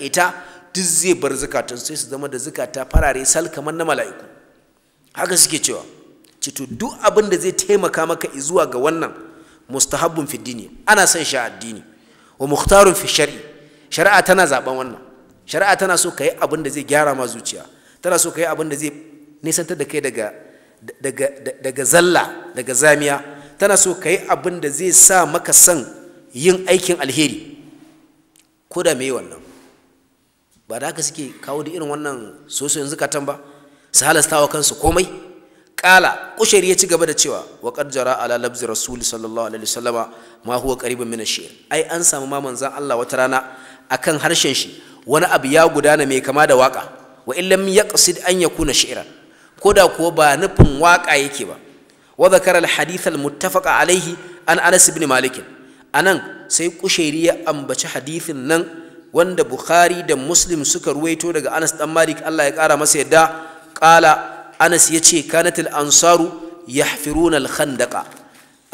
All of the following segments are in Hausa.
ita duk zai bar zukatan sai su zama da zukata farare sal kamar na mala'iku haka suke cewa cito duk abin da zai taimaka maka zuwa ga wannan mustahabbun fi dini ana son shi addini wa mukhtarun fi shar'i shari'a tana zaben wannan shari'a tana so kai abin da zai gyara ma zuciya tana so kai abin da zai nisantar da kai daga zalla daga zamiya tana so kai abin da zai sa maka son yin aikin alheri ko da me wannan ba da haka suke kawo da irin wannan yanzu katan ba su halasta wa kansu komai kala kushari ya ci gaba da cewa wa qad jara ala labzi rasul sallallahu alaihi wasallama ma huwa qariban min ash ai an samu ma manzon Allah wata rana akan harshen shi wani abu ya gudana mai kama da waka wa illam yaqsid an yakuna shi'ran koda kuwa ba nufin waka yake ba wa zakara al hadith al muttafaq alaihi an Anas ibn Malik anan sai ƙushari ya ambaci hadithin nan wanda bukhari da muslim suka ruwaito daga anas dan malik allah ya kara masa yadda ƙala anas ya ce ansaru yahfiruna al-khandaqa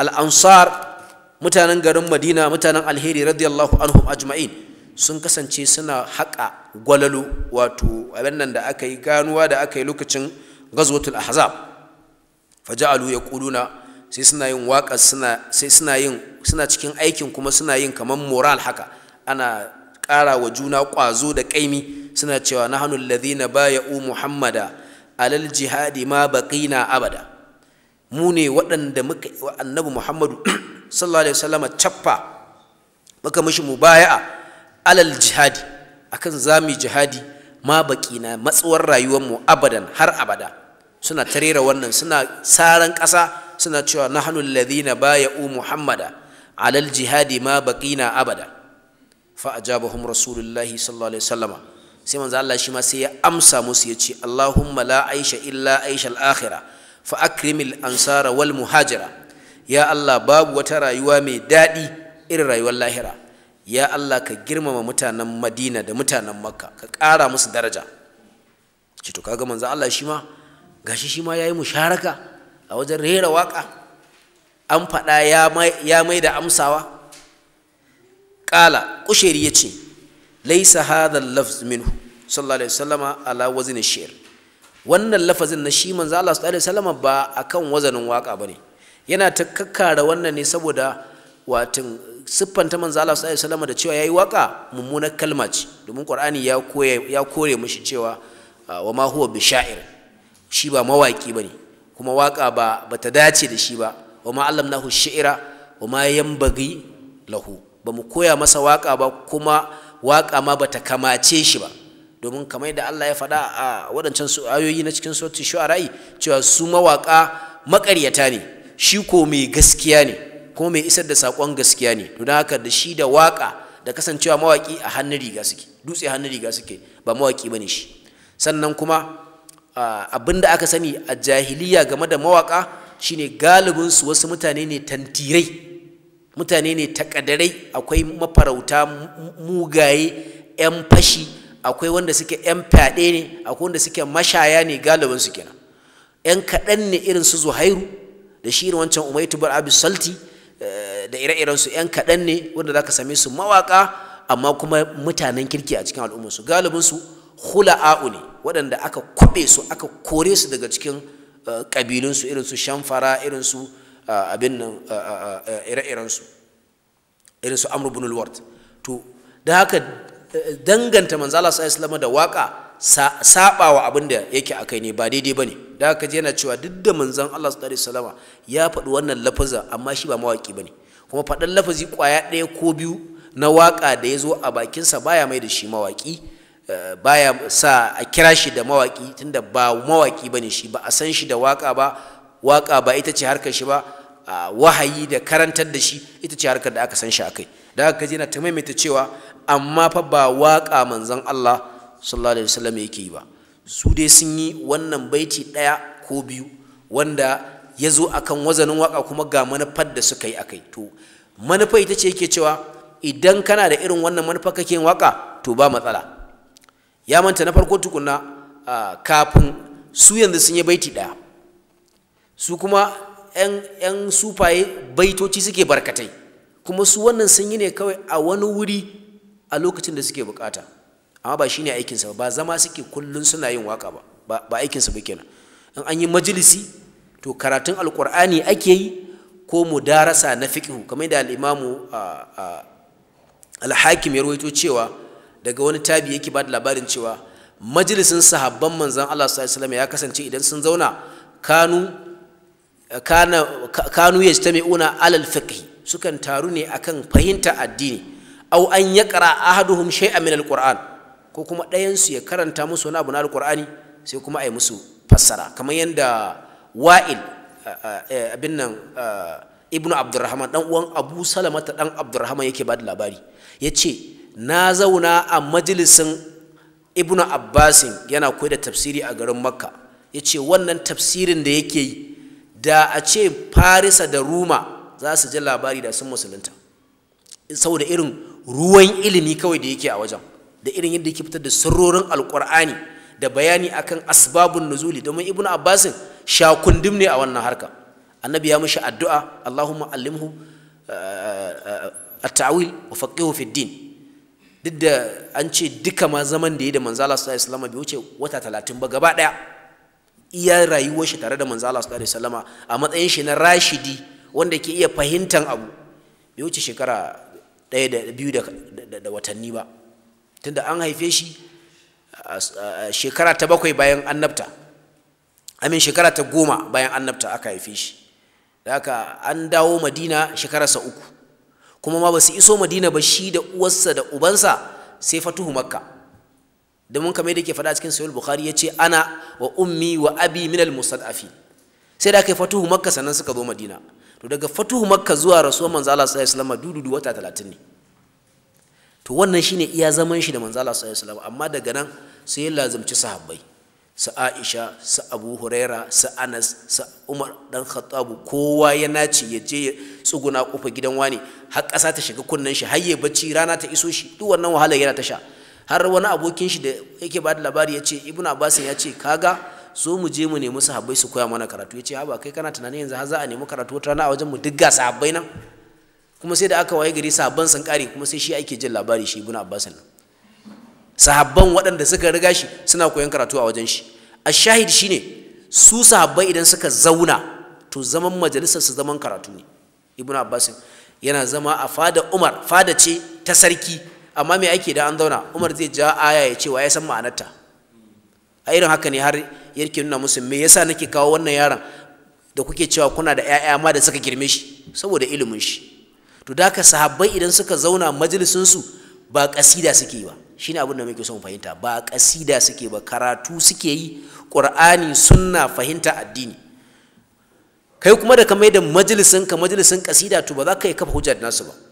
al-ansar mutanen garin madina mutanen alheri radiyallahu anhum ajma'in sun kasance suna haƙa gwalalo wato abin nan da aka yi ganuwa da aka yi lokacin gazwatul ahzab faja'alu yaquluna sai suna yin waƙa suna sai suna yin suna cikin aikin kuma suna yin kamar moral haka ana ƙara wa juna ƙwazo da ƙaimi suna cewa nahnu baya u muhammada alal jihadi ma baqina abada mu ne waɗanda muka wa annabi muhammadu sallallahu alaihi wasallama cappa muka mishi a alal jihadi akan zami jihadi ma baqina matsuwar rayuwar mu abadan har abada suna tarera wannan suna saran ƙasa suna cewa nahnu baya baya'u muhammada alal jihadi ma baƙina abada fa ajabahum rasulullahi sallallahu alaihi wasallama sai manza Allah shi ma sai ya amsa musu ya ce Allahumma la aisha illa Aishal akhira fa akrimil ansara wal muhajira ya Allah babu wata rayuwa mai daɗi irin rayuwar lahira ya Allah ka girmama mutanen Madina da mutanen Makka ka ƙara musu daraja ce to kaga manza Allah shi ma gashi shi ma yayi musharaka a wajen rera waka an faɗa ya mai da amsawa ƙala ƙusheri ya ce laisa hadha lafz minhu sallallahu alaihi wasallama ala wazin shi'r wannan lafazin na shi manzo Allah sallallahu alaihi wasallama ba akan wazanin waka bane yana ta kakkara wannan ne saboda watin siffanta manzo Allah sallallahu alaihi wasallama da cewa yayi waka mummunar kalma ce domin Qur'ani ya koye ya kore mushi cewa wa ma huwa bisha'ir shi ba mawaki bane kuma waka ba bata dace da shi ba wa ma allamnahu shi'ra wa ma yanbaghi lahu ba mu koya masa waka ba kuma waƙa ma bata kamace shi ba domin kamar da Allah ya faɗa a waɗancan ayoyi na cikin suratul shu'ara cewa su mawaƙa maƙaryata ne shi ko mai gaskiya ne kuma mai isar da saƙon gaskiya ne don haka da shi da waƙa da kasancewa mawaƙi a hannun riga suke dutse hannun riga suke ba mawaƙi bane shi sannan kuma abin da aka sani a jahiliya game da mawaƙa shine galibinsu wasu mutane ne tantirai mutane ne takadarai akwai mafarauta mugaye 'yan fashi akwai wanda suke 'yan fyaɗe ne akwai wanda suke mashaya ne galibinsu kenan 'yan kaɗan ne irin su zuhairu da shi irin wancan umaitu bar abu salti eh, da ire-irensu 'yan kaɗan ne wanda za ka same su mawaƙa amma kuma mutanen kirki a cikin al'ummarsu galibinsu hula'a'u ne waɗanda aka kuɓe su aka kore su daga cikin eh, ƙabilunsu shanfara shamfara su. abin nan ire-irensu irin su amr to da haka eh, danganta manzo Allah sallallahu alaihi da waka wa abin da yake akai ne ba daidai bane da haka je yana cewa duk da manzon Allah sallallahu alaihi ya faɗi wannan lafaza amma shi ba mawaki bane kuma faɗan lafazi kwaya ɗaya ko biyu na waka da ya zo a bakinsa baya mai da shi mawaki eh, baya sa a kira shi da mawaki tunda ba mawaki bane shi ba a san shi da waka ba waka ba ita ce harkar shi ba wahayi da karantar da shi ita ce harkar da aka san shi akai da aka kaji na ta maimaita cewa amma fa ba waƙa manzon Allah sallallahu alaihi wasallam yake yi ba su dai sun yi wannan baiti ɗaya ko biyu wanda ya zo akan wazanin waka kuma ga manufar da suka yi akai to manufa ita ce yake cewa idan kana da irin wannan manufa kake yin waƙa to ba matsala ya manta na farko tukunna kafin su yanzu sun yi baiti ɗaya su kuma 'yan sufaye baitoci suke barkatai kuma su wannan sun yi ne kawai a wani wuri a lokacin da suke bukata amma ba shi ne aikinsa ba zama suke kullum suna yin waka ba ba aikinsa ba kenan in an yi majalisi to karatun alkur'ani ake yi ko mu darasa na fiqhu kamar da al'imamu alhakim al ya rawaito cewa daga wani tabi yake ba da labarin cewa majalisin sahabban manzon Allah sallallahu alaihi ya kasance idan sun zauna kanu kanu yastami'una alal fiqh sukan taru ne akan fahimta addini au an yaqra ahaduhum shay'an min alquran ko kuma dayan su ya karanta musu wani abu na alqurani sai kuma ai musu fassara kamar yanda wa'il abin nan ibnu abdurrahman dan uwan abu salama ta dan abdurrahman yake bada labari yace na zauna a majalisin ibnu abbasin yana koyar da tafsiri a garin makka yace wannan tafsirin da yake yi da a ce farisa da ruma za su ji labari da sun musulunta saboda irin ruwan ilimi kawai da yake a wajen da irin yadda yake fitar da sirrorin alkur'ani da bayani akan asbabun nuzuli domin ibnu abbasin shakundum ne a wannan harka annabi ya mishi addu'a allahumma allimhu eh, eh, at-ta'wil wa faqihu fi din duk da an ce duka ma zaman da ya da manzala sallallahu alaihi wasallam bai wuce wata talatin ba gaba daya iya rayuwar shi tare da manzo Allah sallallahu alaihi wasallama a matsayin shi na rashidi wanda ke iya fahimtar abu bai wuce shekara ɗaya da biyu da watanni ba tunda an haife shi shekara ta bakwai bayan annabta amin shekara ta goma bayan annabta aka haife shi da haka an dawo madina shekararsa uku kuma ma ba su iso madina ba shi da uwarsa da ubansa sai fatuhu makka domin kamar da ke faɗa cikin sahih bukhari yace ana wa ummi wa abi min al musaddafi sai da aka yi fatuhu makka sannan suka zo madina to daga fatuhu makka zuwa rasuwar manzo Allah sallallahu alaihi wasallam dudu wata 30 ne to wannan shine iya zaman shi da manzo Allah sallallahu alaihi wasallam amma daga nan sai ya lazumci sahabbai su Aisha su Abu Huraira su Anas su Umar dan Khattab kowa ya nace ya je ya tsuguna kofa gidan wani har ƙasa ta shiga kunnen shi har ya bacci rana ta iso shi duk wannan wahala yana ta sha har wani abokin shi da yake ba da labari ya ce ibn abbas ya ce kaga so mu je mu nemi sahabbai su koya mana karatu ya ce ha ba kai kana tunanin yanzu har za a nemi karatu wata rana a wajen mu duk sahabbai nan kuma sai da aka waye gari sahabban sun kare kuma sai shi ake jin labari shi ibn abbas nan sahabban waɗanda suka riga shi suna koyon karatu a wajen shi ashahid shahid shine su sahabbai idan suka zauna to zaman majalisar su zaman karatu ne ibn abbas yana zama a fada umar fada ce ta sarki amma me ake da an zauna umar zai ja aya ya cewa ya san ma'anarta a irin haka ne har yake nuna musu me yasa nake kawo wannan yaron da kuke cewa kuna da 'ya'ya ma da suka girme shi saboda ilimin shi to da ka sahabbai idan suka zauna majalisin su ba kasida suke yi ba shine abin da muke son fahimta ba kasida suke ba karatu suke yi qur'ani sunna fahimta addini kai kuma da kamar da majalisin ka majalisin kasida to ba za ka yi kafa hujjar nasu ba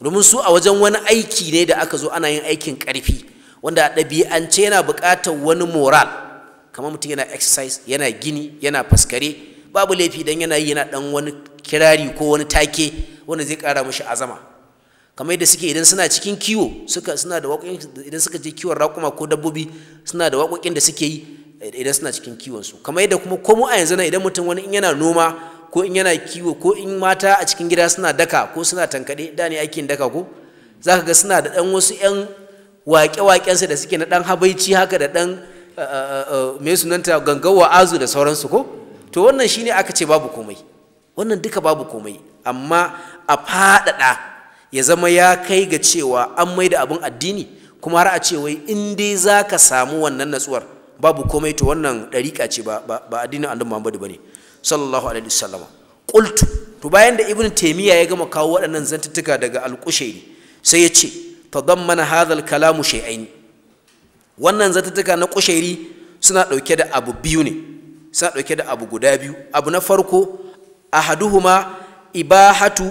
domin su a wajen wani aiki ne da aka zo ana yin aikin karfi wanda a ɗabi'ance yana buƙatar wani moral kamar mutum yana exercise yana gini yana faskare babu laifi dan yana yi yana ɗan wani kirari ko wani take wanda zai ƙara mashi azama kamar yadda suke idan suna cikin kiwo idan suka je kiwon raƙuma ko dabbobi suna da waƙoƙin da suke yi eh, idan suna cikin kiwon su kamar yadda kuma komo a yanzu na idan mutum wani in yana noma ko in yana kiwo ko in mata a cikin gida suna daka ko suna tankaɗe da ne aikin daka ko za ka ga suna da ɗan wasu 'yan waƙe waƙensa da suke na ɗan habaici haka da ɗan mai sunanta gangawa azu da sauransu ko to wannan shine aka ce babu komai wannan duka babu komai amma a faɗaɗa ya zama ya kai ga cewa an mai da abin addini kuma har a ce wai in dai za ka samu wannan natsuwar babu komai to wannan ɗariƙa ce ba addinin annabi muhammadu ba ne sallallahu alaihi wasallam qultu to bayan da ibnu taymiya ya gama kawo waɗannan zantuttuka daga al sai ya ce tadammana hadha kalamu shay'ain wannan zantuttuka na qushairi suna dauke da abu biyu ne suna dauke da abu guda biyu abu na farko ahaduhuma ibahatu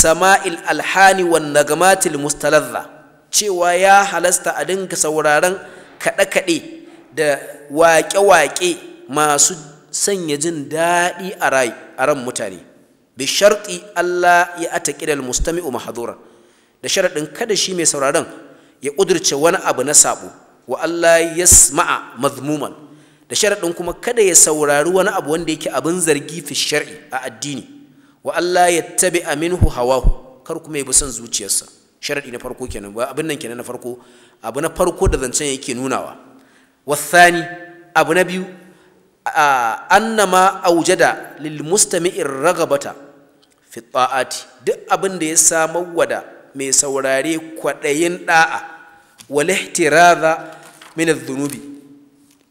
sama'il alhani wan nagamatil mustaladha cewa ya halasta a dinka sauraron kaɗe-kaɗe da waƙe-waƙe masu sanya jin daɗi a ran mutane bi sharti Allah ya ataqida mustami'u mahdura da sharadin kada shi mai sauraron ya kudurce wani abu na sabo wa Allah yasma'a mazmuman da sharadin kuma kada ya saurari wani abu wanda yake abin zargi fi shar'i a addini wa Allah yattabi'a minhu hawahu kar kuma ya bi son zuciyarsa sharadi na farko kenan ba abin nan kenan na farko abu na farko da zancen yake nunawa wasani abu na biyu annama aujada lil mustami'ir ragabata fi ta'ati duk abin da ya samar wada mai saurare kwaɗayin da'a wal ihtirada min adh-dhunubi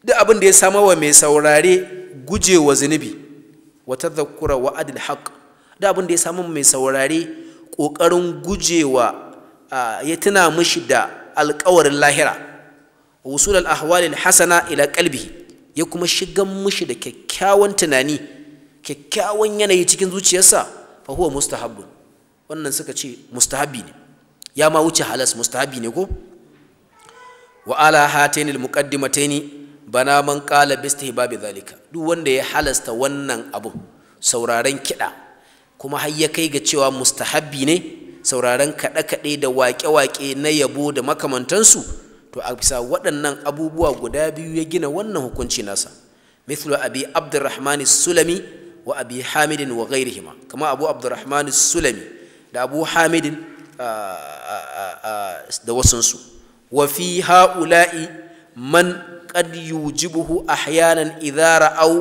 duk abin da ya samu wa mai saurare gujewa zunubi wa tadhakkura wa adil haqq duk abin da ya samar mai saurare kokarin gujewa ya tuna mishi da alƙawarin lahira wusul al-ahwal al-hasana ila qalbihi ya kuma shigan mushi da kyakkyawan tunani kyakkyawan yanayi cikin zuciyarsa fa huwa mustahabbun wannan suka ce mustahabi ne ya ma wuce halas mustahabi ne ko wa ala hatain al muqaddimataini bana man qala bi istihbabi zalika duk wanda ya halasta wannan abu sauraron kiɗa kuma har ya kai ga cewa mustahabi ne sauraron kaɗe-kaɗe da waƙe-waƙe na yabo da makamantansu to a bisa waɗannan abubuwa guda biyu ya gina wannan hukunci nasa mithlu abi abdurrahman sulami wa abi hamidin wa ghairihima kama abu abdurrahman sulami da abu hamidin ah, ah, ah, da wasansu wa fi ha'ula'i man qad yujibuhu ahyanan au ra'aw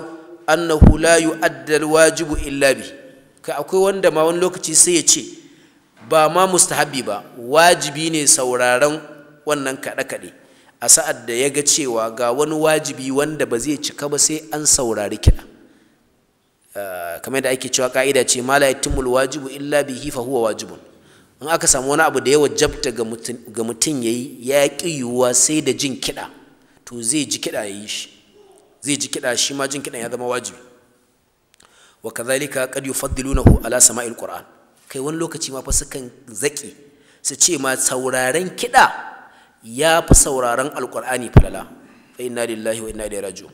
annahu la yu'adda alwajibu illa bi kai akwai wanda ma wani lokaci sai ya ce ba ma mustahabbi ba wajibi ne sauraron wannan kaɗe-kaɗe a sa'ad da ya ga cewa ga wani wajibi wanda ba zai cika ba sai an saurari kiɗa ah, kamar da ake cewa ka'ida ce ma la wajibu illa bihi fa huwa wajibun in aka samu wani abu da ya wajabta ga mutum yayi ya ƙi yiwuwa sai da jin kiɗa to zai ji kiɗa ya yi shi zai ji kiɗa shi ma jin kiɗan ya zama wajibi wa kadhalika qad yufaddilunahu ala sama'il qur'an kai wani lokaci ma fa sukan zaki su ce ma sauraren kiɗa ya fi sauraron alkur'ani falala inna lillahi wa inna ilaihi raji'un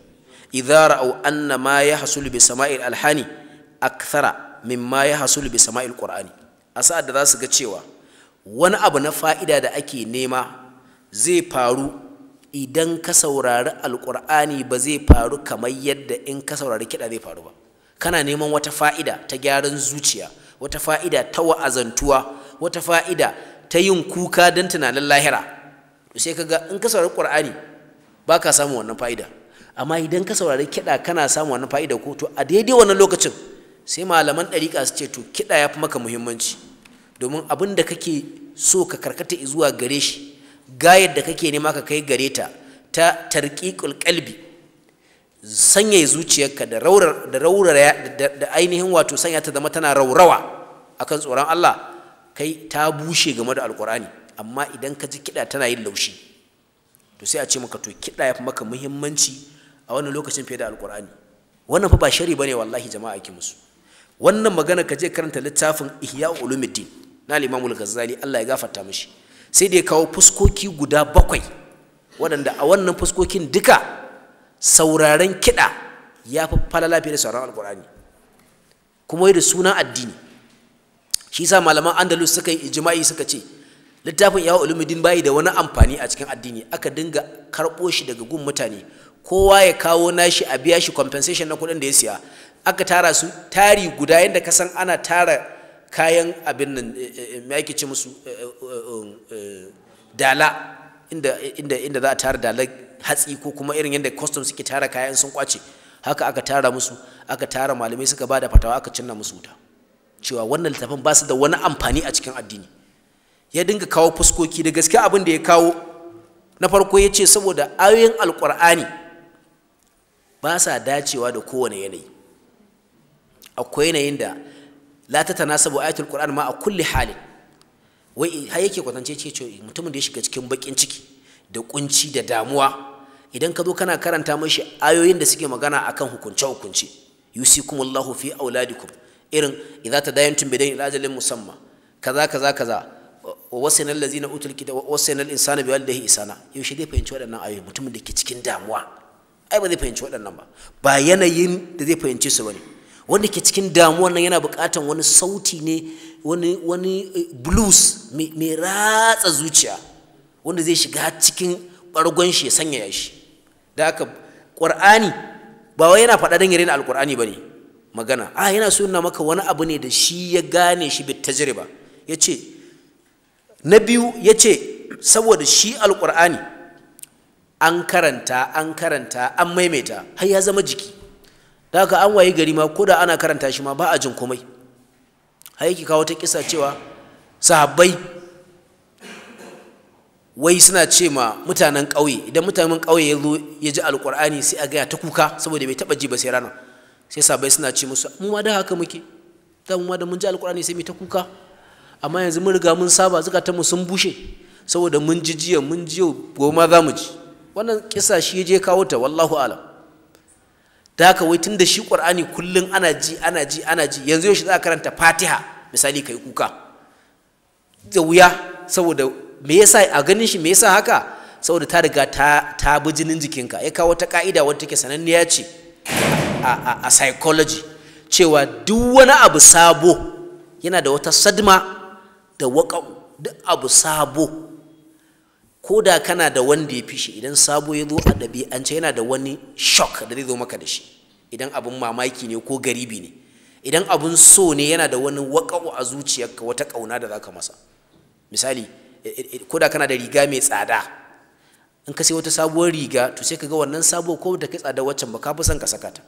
idza ra'u anna ma yahsul bi sama'il alhani akthara mimma yahsul bi sama'il qur'ani a sa'ad da zasu ga cewa wani abu na fa'ida da ake nema zai faru idan ka saurari alkur'ani ba zai faru kamar yadda in ka saurari kiɗa zai faru ba kana neman wata fa'ida ta gyaran zuciya wata fa'ida ta wa'azantuwa wata fa'ida ta yin kuka don tunanin lahira sai ka ga in ka saurari ƙwar'ani ba ka samu wannan fa'ida amma idan ka saurari kiɗa kana samu wannan fa'ida ko to a daidai wannan lokacin sai malaman ɗariƙa su ce to kiɗa ya fi maka muhimmanci domin abin da kake so ka karkata zuwa gare shi gayar da kake nema ka kai gare ta ta tarƙiƙul ƙalbi sanya zuciyarka da raurar da ainihin wato sanya ta zama tana raurawa akan tsoron Allah kai ta bushe game da alƙur'ani. amma idan ka ji kiɗa tana yin laushi to sai a ce maka to kiɗa ya fi maka muhimmanci a wannan lokacin fiye da alƙur'ani wannan fa ba shari bane wallahi jama'a ki musu wannan magana ka je karanta littafin ihya ulumuddin na al-imam al-ghazali Allah ya gafarta mishi sai da ya kawo fuskoki guda bakwai waɗanda a wannan fuskokin duka sauraren kiɗa ya fi falala fiye da sauraren alƙur'ani kuma da sunan addini shi sa malaman andalus suka yi ijma'i suka ce littafin yawon ulumuddin bayi da wani amfani a cikin addini aka dinga karɓo shi daga gun mutane kowa ya kawo nashi a biya shi compensation na kuɗin da ya siya aka tara su tari guda yadda ka san ana tara kayan abin nan ya eh, eh, eh, ake ce musu um, dala inda za a tara dala hatsi ko kuma irin yadda kwastam suke tara kayan sun kwace haka aka tara musu aka tara malamai suka bada fatawa aka cinna musu wuta cewa wannan littafin ba su da wani amfani a cikin addini ya dinga kawo fuskoki da gaske abin da ya kawo na farko ya ce saboda ayoyin alkur'ani ba sa dacewa da kowane yanayi akwai yanayin da la ta tanasabu ayatul qur'an ma a kulli hali wai har yake kwatance ce ce mutumin da ya shiga cikin bakin ciki da kunci da damuwa idan ka zo kana karanta mashi ayoyin da suke magana akan hukunce hukunce yusikumullahu fi auladikum irin idza tadayantum bidayn ila ajalin musamma kaza kaza kaza wa wasaina na utul kita wa insana al-insana isana ihsana yaushe zai fahimci waɗannan ayoyi mutumin da ke cikin damuwa ai ba zai fahimci waɗannan ba ba yanayin da zai fahimci su bane wanda ke cikin damuwar nan yana buƙatan wani sauti ne wani wani eh, blues mai ratsa zuciya wanda zai shiga cikin bargon shi ya sanyaya shi da haka ƙur'ani ba wai yana faɗa dan yare na alƙur'ani bane magana a yana so maka wani abu ne da shi ya gane shi bit tajriba yace na biyu ya ce saboda shi alkur'ani an karanta an karanta an maimaita har ya zama jiki da haka an wayi gari ma ko da ana karanta shi ma ba a jin komai har yake kawo ta kisa cewa sahabbai wai suna ce ma mutanen ƙauye idan mutanen ƙauye ya zo ya ji alkur'ani sai a gaya ta kuka saboda bai taɓa ji ba sai rana sai sahabbai suna ce musu mu ma da haka muke da mu ma da mun ji alƙur'ani sai mu ta kuka amma yanzu mun riga mun saba mu sun bushe saboda mun ji jiya mun ji gobe ma za mu ji wannan kisa shi je kawo ta wallahu alam da haka wai tun da shi qur'ani kullum ana ji ana ji ana ji yanzu yaushe za a karanta fatiha misali kai kuka da wuya saboda me yasa a ganin shi me yasa haka saboda ta riga ta ta bi jinin jikinka ya kawo ta ka'ida wanda take sananniya ce a, a, psychology cewa duk wani abu sabo yana da wata sadma da waƙa'u duk abu sabo ko da kana da wanda ya fi idan sabo ya zo a ɗabi'ance yana da wani shock da zai zo maka da shi idan abin mamaki ne ko garibi ne idan abun so ne yana da wani waƙa'u a zuciyarka wata ƙauna da za ka masa misali ko da kana da riga mai tsada in ka sai wata sabuwar riga to sai ka ga wannan sabo ko da ka tsada waccan ba ka fi son ka saka ta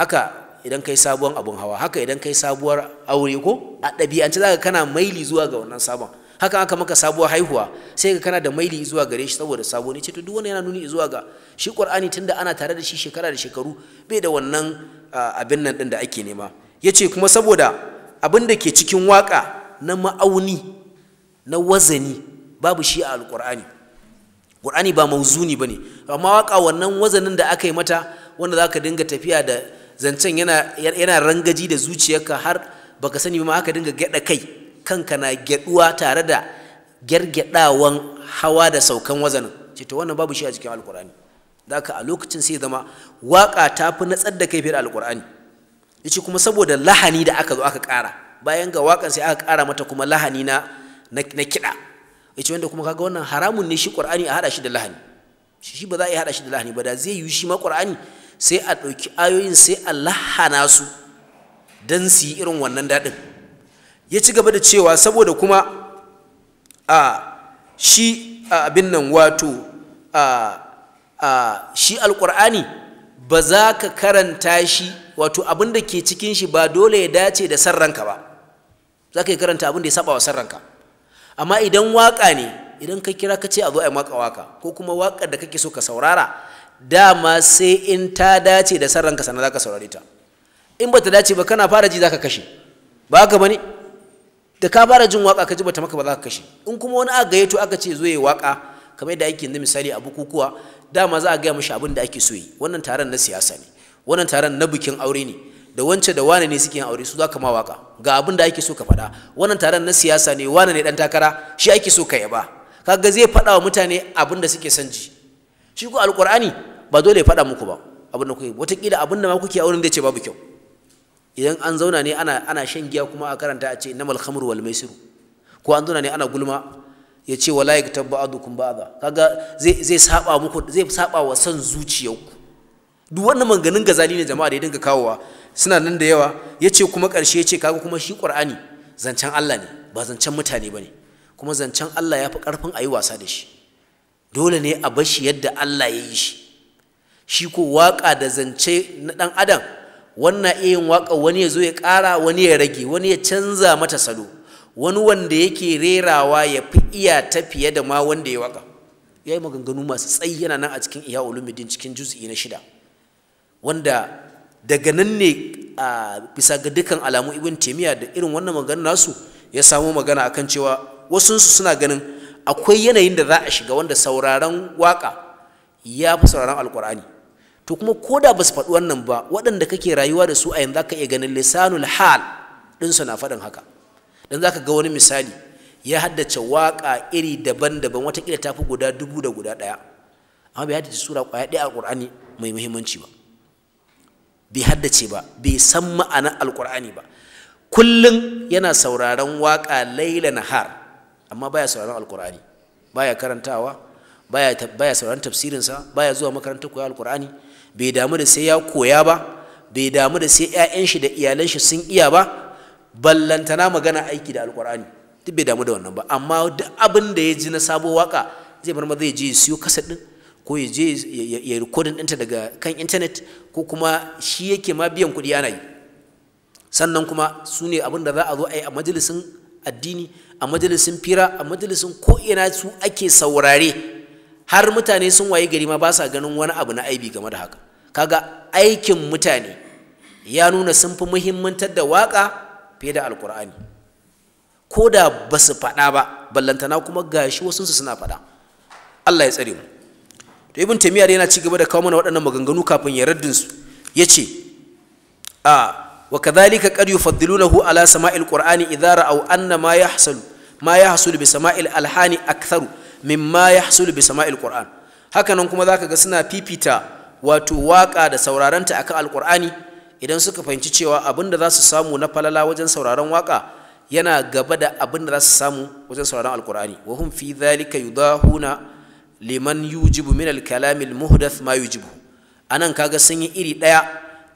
haka idan kai sabuwar abun hawa haka idan kai sabuwar aure ko a ɗabi'ance za ka kana maili zuwa ga wannan sabon haka aka maka sabuwar haihuwa sai ka kana da maili zuwa gare shi saboda sabo ne ce to duk wani yana nuni zuwa ga shi qur'ani tunda ana tare da shi shekara da shekaru bai da wannan abin nan din da ake nema yace kuma saboda abin da ke cikin waka na ma'auni na wazani babu shi a alqur'ani ƙur'ani ba mauzuni ne amma waka wannan wazanin da aka yi mata wanda za ka dinga tafiya da zancen yana yana rangaji da zuciyarka har baka sani ma aka dinga gyada kai kanka na gyaduwa tare da gyargyadawan hawa da saukan wazanin ce wannan babu shi a cikin alkur'ani zaka a lokacin sai zama waka ta fi natsar da kai fiye da alkur'ani yace kuma saboda lahani da aka zo aka kara bayan ga wakan sai aka kara mata kuma lahani na na kiɗa ce wanda kuma kaga wannan haramun ne shi ƙur'ani a haɗa shi da lahani shi ba za a yi haɗa shi da lahani ba da zai yi shi ma ƙur'ani. sai a ɗauki ayoyin sai a lahana su don su yi irin wannan daɗin ya ci gaba da cewa saboda kuma a shi abin nan wato a shi alƙur'ani ba za ka karanta shi wato abin da ke cikin shi ba dole ya dace da sarranka ba za ka yi karanta abin da ya saba wa sarranka amma idan waƙa ne idan ka kira ka ce a zo a yi waƙa waka ko kuma waƙar da kake so ka saurara dama sai in ta dace da san ranka sannan ka saurare ta in bata dace ba kana fara ji za ka kashe ba ka bani da ka fara jin waka ka ji bata maka ba za ka kashe in kuma wani aka gayyato aka ce zo yi waka kamar yadda ake yanzu misali a bukukuwa dama za a gaya mashi abin da ake so yi wannan taron na siyasa ne wannan taron na bikin aure ne da wance da wane ne suke yin aure su za ka ma waka ga abin da ake so ka faɗa wannan taron na siyasa ne wane ne dan takara shi ake so ka yaba kaga zai faɗa wa mutane abin da suke son ji shi ko alƙur'ani ba dole ya faɗa muku ba abin da kuke wataƙila abin da ma kuke a wurin ce babu kyau idan an zauna ne ana ana shan giya kuma a karanta a ce namal khamru wal maisiru ko an zauna ne ana gulma ya ce wala yaktab ba'dukum ba'da kaga zai zai saba muku zai saba wa son zuciyarku duk wannan manganin gazali ne jama'a da ya dinga kawowa suna nan da yawa ya ce kuma ƙarshe ya ce kaga kuma shi ƙur'ani zancen Allah ne ba zancen mutane ba ne kuma zancen Allah ya fi ƙarfin a yi wasa da shi dole ne a bar shi yadda Allah ya yi shi shi ko waƙa da zance na ɗan adam wannan iya yin waƙa wani ya zo ya ƙara wani ya rage wani ya canza mata salo wani wanda yake rerawa ya fi iya ta fiye da ma wanda ya waƙa ya yi maganganu masu tsayi yana nan a cikin iya ulumidin cikin juz'i na shida wanda daga nan ne a bisa ga dukkan alamu ibn taimiyya da irin wannan maganar nasu ya samo magana akan cewa wasu suna ganin akwai yanayin da za a shiga wanda sauraron waƙa ya fi sauraron alƙur'ani to kuma ko da ba su faɗi wannan ba waɗanda kake rayuwa da su a yanzu zaka iya ganin lisanul hal ɗinsu na faɗin haka dan zaka ga wani misali ya haddace waƙa iri daban-daban watakila ta fi guda dubu da guda ɗaya amma bai haddace sura ƙwaya ɗaya alƙur'ani mai muhimmanci ba bai haddace ba bai san ma'anar alƙur'ani ba kullum yana sauraron waƙa laila nahar amma baya sauraron alƙur'ani baya karantawa baya baya sauraron tafsirinsa baya zuwa makarantar koyar alƙur'ani bai damu da sai ya koya ba bai damu da sai 'ya'yan shi da iyalan shi sun iya ba ballantana magana aiki da alkur'ani duk bai damu da wannan ba amma duk abin da ya ji na sabo waka zai bar ma zai je ya siyo kaset din ko ya je ya rikodin ɗinta daga kan intanet ko kuma shi yake ma biyan kuɗi ana yi sannan kuma su ne abin da za a zo a yi a majalisin addini a majalisin fira a majalisin ko'ina su ake saurare har mutane sun wayi gari ma ba sa ganin wani abu na aibi game da haka kaga aikin mutane ya nuna sun fi muhimmantar da waƙa fiye da alkur'ani ko da ba su faɗa ba ballantana kuma gashi wasu su suna faɗa Allah ya tsare mu to ibn taymiyyah yana ci gaba da kawo mana waɗannan maganganu kafin ya raddin su ce a wa kadhalika qad yufaddilunahu ala sama'il qur'ani idza ra'aw anna ma yahsul ma yahsul bi sama'il alhani aktharu mimma hasulu bi sama'il qur'an haka nan kuma zaka ga suna fifita wato waka da sauraranta akan alqur'ani idan suka fahimci cewa abin da za su samu na falala wajen sauraron waka yana gaba da abinda da za su samu wajen sauraron alqur'ani wa hum fi zalika yudahuna liman yujibu min al-kalami muhdath ma yujibu anan kaga sun yi iri daya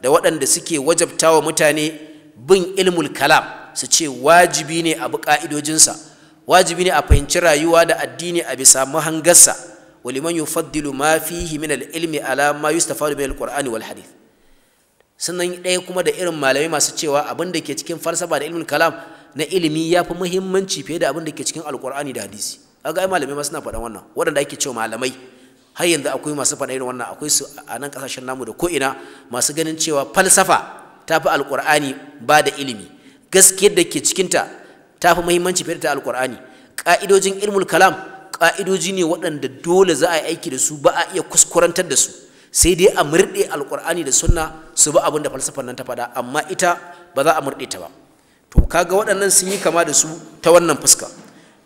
da waɗanda suke wajabtawa mutane bin ilmul kalam su ce wajibi ne a bi ƙa'idojinsa wajibi ne a fahimci rayuwa da addini a bisa mahangarsa waliman yufaddilu ma fihi min al-ilmi ala ma yustafadu min al-qur'ani wal hadith sannan ɗaya kuma da irin malamai masu cewa abin da ke cikin falsafa da ilmin kalam na ilimi ya fi muhimmanci fiye da abin da ke cikin Alƙur'ani da hadisi kaga ai malamai masu suna faɗan wannan waɗanda ake cewa malamai har yanzu akwai masu faɗa irin wannan akwai su a nan ƙasashen namu da ko ina masu ganin cewa falsafa ta fi alkur'ani ba da ilimi gaskiyar da ke cikinta ta fi muhimmanci fiye da ta alkur'ani ƙa'idojin ilmul kalam ƙa'idoji ne waɗanda dole za a yi aiki da su ba a iya kuskurantar da su sai dai a murɗe alkur'ani da sunna su bi abin da falsafar nan ta faɗa amma ita ba za a murɗe ta ba to kaga waɗannan sun yi kama da su ta wannan fuska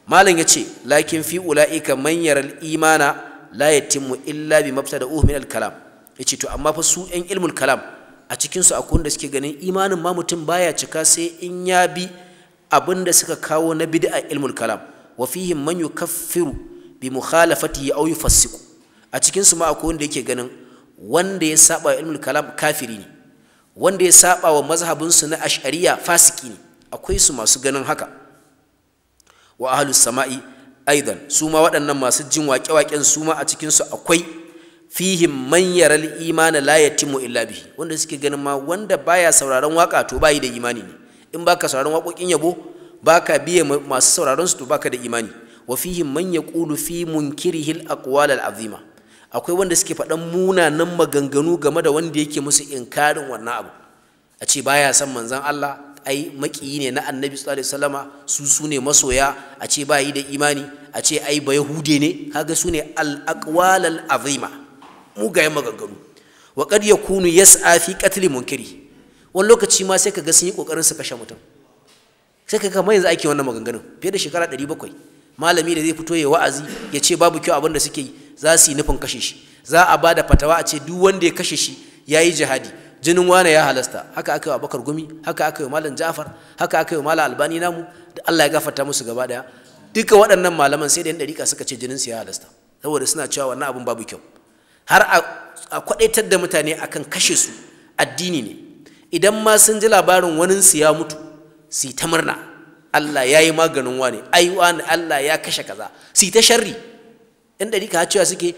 malam ya ce lakin fi ula'ika manyar imana la yatimmu illa bi mabtada'uhu min al-kalam yace to amma fa su yan ilmul kalam a cikinsu su akwai da suke ganin imanin ma mutum baya cika sai in ya bi abinda suka kawo na bid'a ilmul kalam wa fihim man yukaffiru bi ya aw yufassiqu a cikin ma akwai wanda yake ganin wanda ya saba ilmul kalam kafiri ne wanda ya saba wa mazhabin su na ash'ariya fasiki ne akwai su masu ganin haka wa ahlus sama'i aidan su ma waɗannan masu jin waƙe-waƙen su ma a cikin akwai fihim man yaral imana la yatimu illa bihi wanda suke ganin ma wanda baya sauraron waka to bayi da imani ne in baka sauraron waƙoƙin yabo baka biye masu sauraron su to baka da imani wa fihim man yaqulu fi munkirihi al-aqwal al-azima akwai wanda suke faɗan munanan maganganu game da wanda yake musu inkarin wannan abu a ce baya san manzon Allah ai makiyi ne na annabi sallallahu alaihi wasallama su su ne masoya a ce ba yi da imani a ce ai ba yahude ne kaga su ne al-aqwal al-azima mugayen maganganu wa qad yakunu yas'a fi qatl munkiri wani lokaci ma sai ka ga sun yi kokarin su kashe mutum sai ka ga kamar yanzu ake wannan maganganun fiye da shekara ɗari bakwai malami da zai fito ya wa'azi ya ce babu kyau abin da suke yi za su yi nufin kashe shi za a da fatawa a ce duk wanda ya kashe shi ya yi jihadi jinin wane ya halasta haka aka yi wa bakar gumi haka aka yi wa malam ja'far haka aka yi wa malam albani namu da allah ya gafarta musu gaba daya duka waɗannan malaman sai da yan ɗariƙa suka ce jinin su ya halasta saboda suna cewa wannan abin babu kyau har a kwaɗaitar da mutane akan kashe su addini ne idan ma sun ji labarin waninsu ya mutu su ta murna Allah ya yi maganin wane aiwa ne Allah ya kashe kaza su ta sharri in ɗari ka cewa suke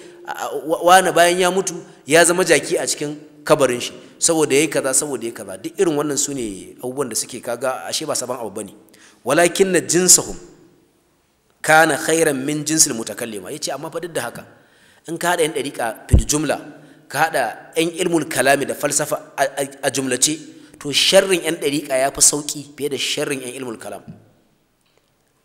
wane bayan ya mutu ya zama jaki a cikin kabarin shi saboda yi kaza saboda ya kaza duk irin wannan su ne abubuwan da suke kaga ashe ba saban abu bane walakin na jinsahum kana khairan min jinsil mutakallima yace amma fa duk da haka in ka haɗa yan ka fil jumla ka haɗa 'yan ilmul kalami da falsafa a jumlace to sharrin 'yan ɗariƙa ya fi sauƙi fiye da sharrin 'yan ilmul kalam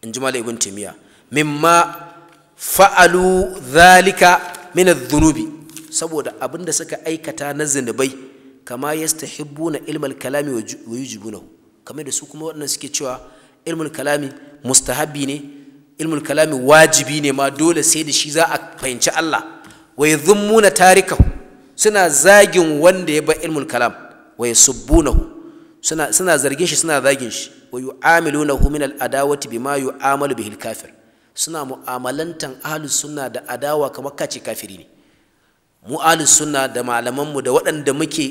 in ji malam ibn min mimma fa'alu zalika min zunubi saboda abin da suka aikata na zunubai kama na ilmul kalami wa yujibunahu kamar da su kuma waɗannan suke cewa ilmul kalami mustahabi ne ilmul kalami wajibi ne ma dole sai da shi za a fahimci Allah wa yadhummuna tarikahu suna zagin wanda ya bar ilmul kalam wa yasubbunahu suna suna zargin shi suna zagin shi wa yu'amilunahu min al-adawati bima yu'amalu bihi al-kafir suna mu'amalantan ahlus sunna da adawa kamar kace kafiri ne mu ahlus sunna da malaman mu da waɗanda muke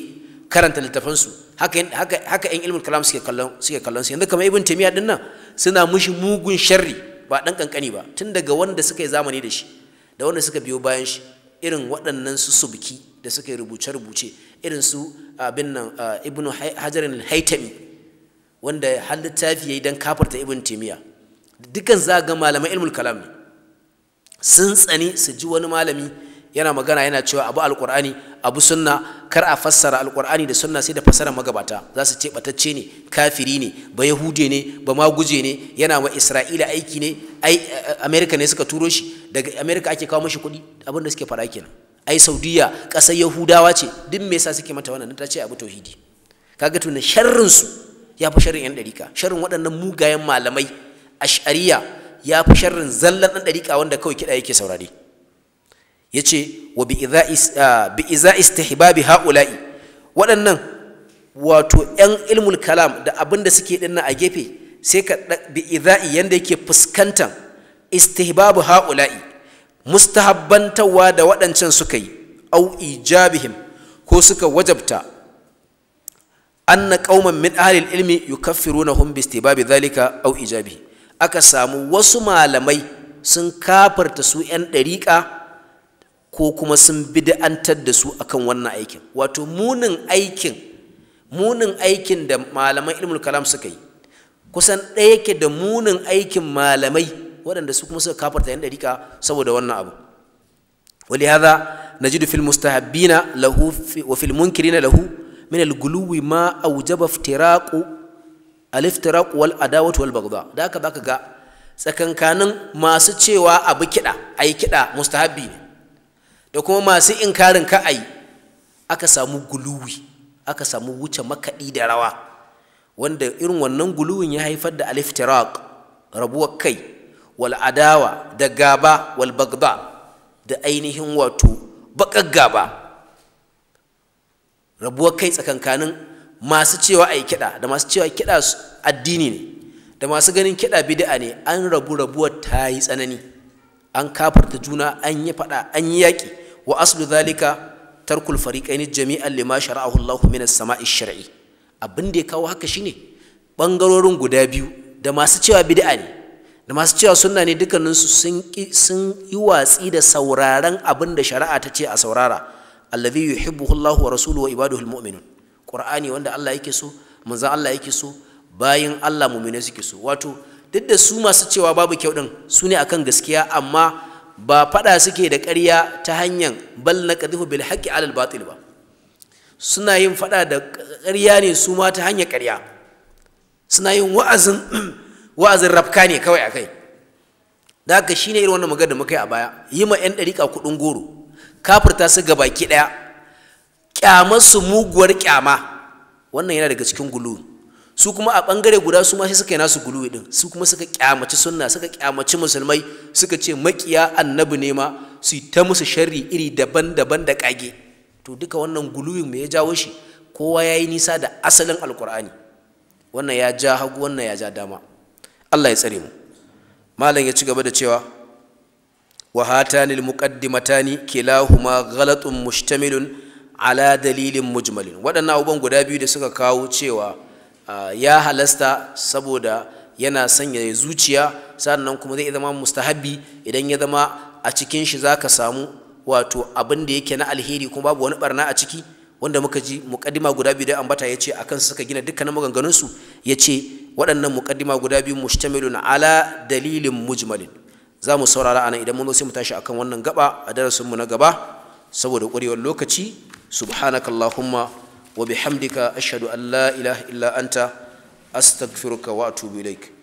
karanta littafan su haka haka haka in ilmul kalam suke kallon suke kallon su yanzu kamar ibn tamiya din nan suna mushi mugun sharri ba dan kankani ba tun daga wanda suka yi zamani da shi da wanda suka biyo bayan shi irin waɗannan su subki da suka yi rubuce-rubuce irin su abin nan ibnu hajarin haitami wanda har littafi ya yi don kafarta ibn timiya dukkan za a ga malamai ilmul kalam sun tsani su ji wani malami yana magana yana cewa abu alkur'ani abu sunna kar a fassara alqur'ani da sunna sai da fassara magabata za su ce batacce ne kafiri ne ba yahude ne ba maguje ne yana wa isra'ila aiki ne ai america ne suka turo shi daga america ake kawo mashi kuɗi abin da suke fara kenan ai saudiya ƙasar yahudawa ce duk me yasa suke mata wannan ta ce abu tauhidi kaga tunan sharrin su ya fi sharrin yan ɗarika sharrin waɗannan mugayen malamai ash'ariya ya fi sharrin zallan ɗan ɗarika wanda kawai kiɗa yake saurare yace wa bi iza ah, istihbabi haula'i waɗannan wato yan ilmul kalam da abin da suke dinna a gefe sai ka bi iza'i yadda yake fuskantan istihbabu haula'i mustahabbantawa da waɗancan suka yi au ijabihim ko suka wajabta anna qauman min ahli ilmi na bi istibabi zalika au ijabihi aka samu wasu malamai sun kafarta su yan ɗariƙa ko kuma sun bid'antar da su akan wannan aikin wato munin aikin munin aikin da malaman ilmul kalam suka yi kusan ɗaya yake da munin aikin malamai waɗanda su kuma suka kafarta yan ɗarika saboda wannan abu ولهذا نجد في المستحبين له في وفي المنكرين له من الغلو ما أوجب افتراق الافتراق والعداوة والبغضاء ذاك ذاك غا سكن كان ما سچوا أبو كدا أي mustahabbi ne da kuma masu inkarin ka'ai aka samu guluwi aka samu wuce makaɗi da rawa wanda irin wannan guluwin ya haifar da aliftiraq rabuwar kai wal adawa da gaba wal bagda da ainihin wato baƙar gaba rabuwar kai tsakankanin masu cewa a yi kiɗa da masu cewa kiɗa addini ne da masu ganin kiɗa bid'a ne an rabu rabuwar ta yi tsanani an kafarta juna an yi faɗa an yi yaƙi wa aslu dhalika tarkul fariqaini jami'an lima shara'ahu Allah min as-sama'i shar'i abin da ya kawo haka shine bangarorin guda biyu da masu cewa bid'a ne da masu cewa sunna ne dukkaninsu sun sun yi watsi da sauraron abin da shari'a ta ce a saurara alladhi yuhibbuhu Allah wa rasuluhu wa ibaduhu almu'minun qur'ani wanda Allah yake so manzon Allah yake so bayin Allah muminai suke so wato duk da su masu cewa babu kyau din su ne akan gaskiya amma ba faɗa suke da ƙarya ta hanyar bal na ƙadihu bil haƙƙi alal batil ba suna yin faɗa da ƙarya ne su ma ta hanyar ƙarya suna yin wa'azin wa'azin rafka ne kawai a kai da shi ne irin wannan magana da muka yi a baya yi ma 'yan ɗariƙa kuɗin goro kafirta su gabaki ɗaya ƙyamar su muguwar ƙyama wannan yana daga cikin gulu su kuma a bangare guda su ma sai suka yi nasu guluwi din su kuma suka kyamaci sunna suka kyamaci musulmai suka ce makiya annabi ne ma su ta musu sharri iri daban-daban da kage to duka wannan guluwin me ya jawo shi kowa ya yi nisa da asalin alkur'ani wannan ya ja hagu wannan ya ja dama allah ya tsare mu malam ya ci gaba da cewa wa hatanil muqaddimatani kilahuma ghalatun mushtamilun ala dalilin mujmalin waɗannan abubuwan guda biyu da suka kawo cewa Ah, ya halasta saboda yana sanya zuciya sannan kuma zai zama mustahabi idan ya zama a cikin shi zaka samu wato abin da yake na alheri kuma babu wani barna a ciki wanda muka ji muqaddima guda biyu da ambata ya yace akan suka gina dukkanin maganganunsu ya ce waɗannan muqaddima guda biyu na ala dalilin mujmalin za mu saurara ana idan mun zo sai mu tashi akan wannan gaba a darasin mu na gaba saboda ƙwarewar lokaci subhanakallahumma وبحمدك أشهد أن لا إله إلا أنت أستغفرك وأتوب إليك